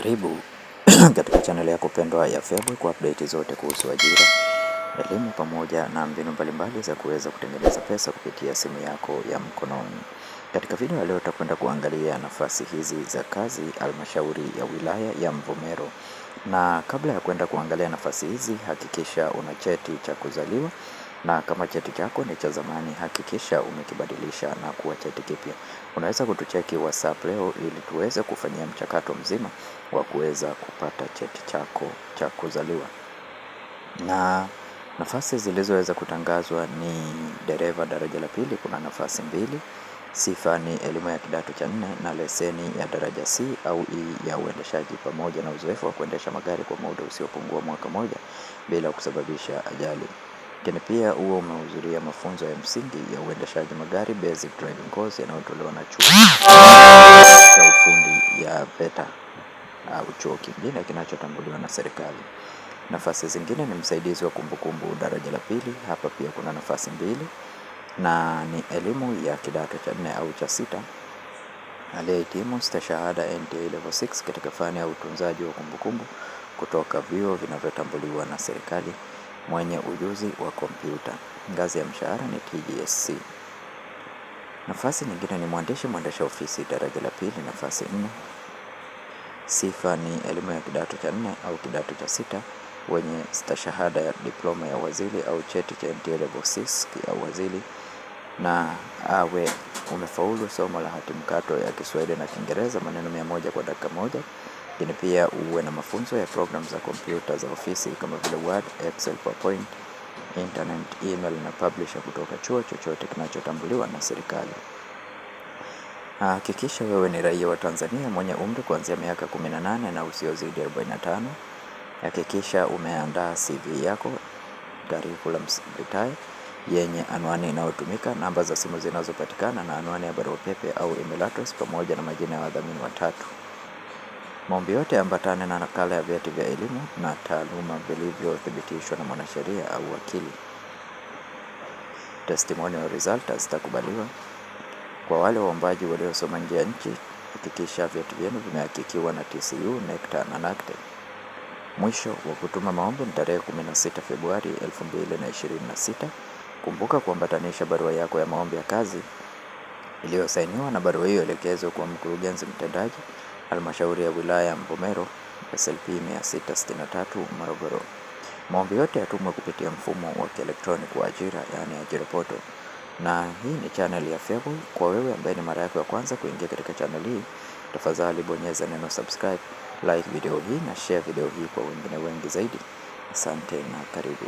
Karibu katika channel yako pendwa ya Feaboy kwa update zote kuhusu ajira, elimu pamoja na mbinu mbalimbali za kuweza kutengeneza pesa kupitia simu yako ya mkononi. Katika video ya leo tutakwenda kuangalia nafasi hizi za kazi halmashauri ya wilaya ya Mvomero. Na kabla ya kwenda kuangalia nafasi hizi, hakikisha una cheti cha kuzaliwa na kama cheti chako ni cha zamani, hakikisha umekibadilisha na kuwa cheti kipya. Unaweza kutucheki WhatsApp leo ili tuweze kufanyia mchakato mzima wa kuweza kupata cheti chako cha kuzaliwa. Na nafasi zilizoweza kutangazwa ni dereva daraja la pili, kuna nafasi mbili. Sifa ni elimu ya kidato cha nne na leseni ya daraja C au E ya uendeshaji pamoja na uzoefu wa kuendesha magari kwa muda usiopungua mwaka moja bila kusababisha ajali. Lakini pia huo umehudhuria mafunzo ya msingi ya uendeshaji magari basic driving course yanayotolewa na chuo cha ufundi ya VETA au chuo kingine kinachotambuliwa na serikali. Nafasi zingine ni msaidizi wa kumbukumbu daraja la pili. Hapa pia kuna nafasi mbili na ni elimu ya kidato cha nne au cha sita aliyehitimu stashahada NTA level 6 katika fani ya utunzaji wa kumbukumbu kutoka vyuo vinavyotambuliwa na serikali mwenye ujuzi wa kompyuta. Ngazi ya mshahara ni TGSC. Nafasi nyingine ni mwandishi mwendesha ofisi daraja la pili, nafasi nne. Sifa ni elimu ya kidato cha nne au kidato cha sita wenye stashahada ya diploma ya uhazili au cheti cha NTLVCSC ya uhazili na awe umefaulu somo la hati mkato ya Kiswahili na Kiingereza maneno mia moja kwa dakika moja lakini pia uwe na mafunzo ya program za kompyuta za ofisi kama vile Word, Excel, PowerPoint, internet, email na publisher kutoka chuo chochote kinachotambuliwa na serikali. Hakikisha wewe ni raia wa Tanzania mwenye umri kuanzia miaka 18 na usiozidi 45. Hakikisha umeandaa CV yako, curriculum vitae yenye anwani inayotumika, namba za simu zinazopatikana na anwani ya barua pepe au email address pamoja na majina ya wadhamini watatu. Maombi yote yaambatane na nakala ya vyeti vya elimu na taaluma vilivyothibitishwa na mwanasheria au wakili. Testimonial result zitakubaliwa. Kwa wale waombaji waliosoma nje ya nchi, hakikisha vyeti vyenu vimehakikiwa na TCU, NECTA na NACTE. Mwisho wa kutuma maombi ni tarehe 16 Februari 2026. Kumbuka kuambatanisha barua yako ya maombi ya kazi iliyosainiwa na barua hiyo elekezwe kwa mkurugenzi mtendaji halmashauri ya wilaya ya Mvomero SLP 663 Morogoro. Maombi yote yatumwe kupitia mfumo wa kielektroniki wa ajira, yaani ajira poto, na hii ni channel ya FEABOY. Kwa wewe ambaye ni mara yako ya kwanza kuingia katika channel hii, tafadhali bonyeza neno subscribe, like video hii na share video hii kwa wengine wengi zaidi. Asante na karibu.